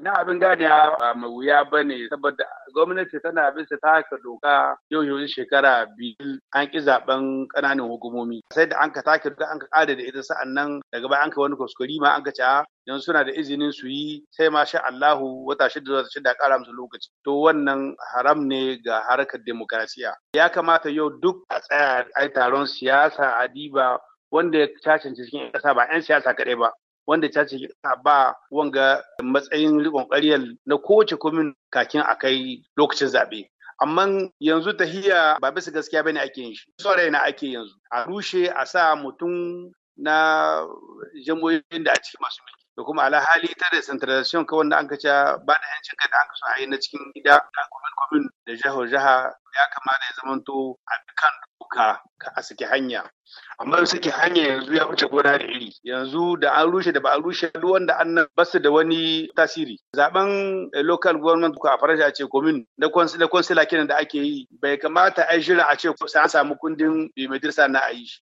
na abin gane ba mai wuya ba ne saboda gwamnati tana bisa ta haka doka yau yau shekara biyu an ki zaben kananan hukumomi sai da an ka take da an ka kada da ita sa'an nan daga baya an ka wani kuskure ma an ka ci ah, yanzu suna da izinin su yi sai ma sha Allahu wata shida zuwa shida kara musu lokaci to wannan haram ne ga harkar demokrasiya ya kamata yau duk a tsaya a taron siyasa a diba wanda ya cancanci cikin ƙasa ba 'yan siyasa kaɗai ba wanda ta ce ba wanga matsayin rikon ƙaryar na kowace komin kakin a kai lokacin zaɓe. amma yanzu tahiya ba bisa gaskiya bane ake yin shi son na ake yanzu a rushe a sa mutum na jamboyin da a ciki masu mulki da kuma alhali ta da centralization kawai da an ba da yancin ka da an kaso a na cikin gida da kwamin kwamin da jihar jiha ya kamata ya zamanto a kan doka a saki hanya amma da saki hanya yanzu ya wuce gona da iri yanzu da an rushe da ba a rushe duk wanda an nan basu da wani tasiri zaben eh, local government ko a faransa a ce komin na consular kenan da ake yi bai kamata a yi shirin a ce sai an samu kundin mai madrasa na a yi shi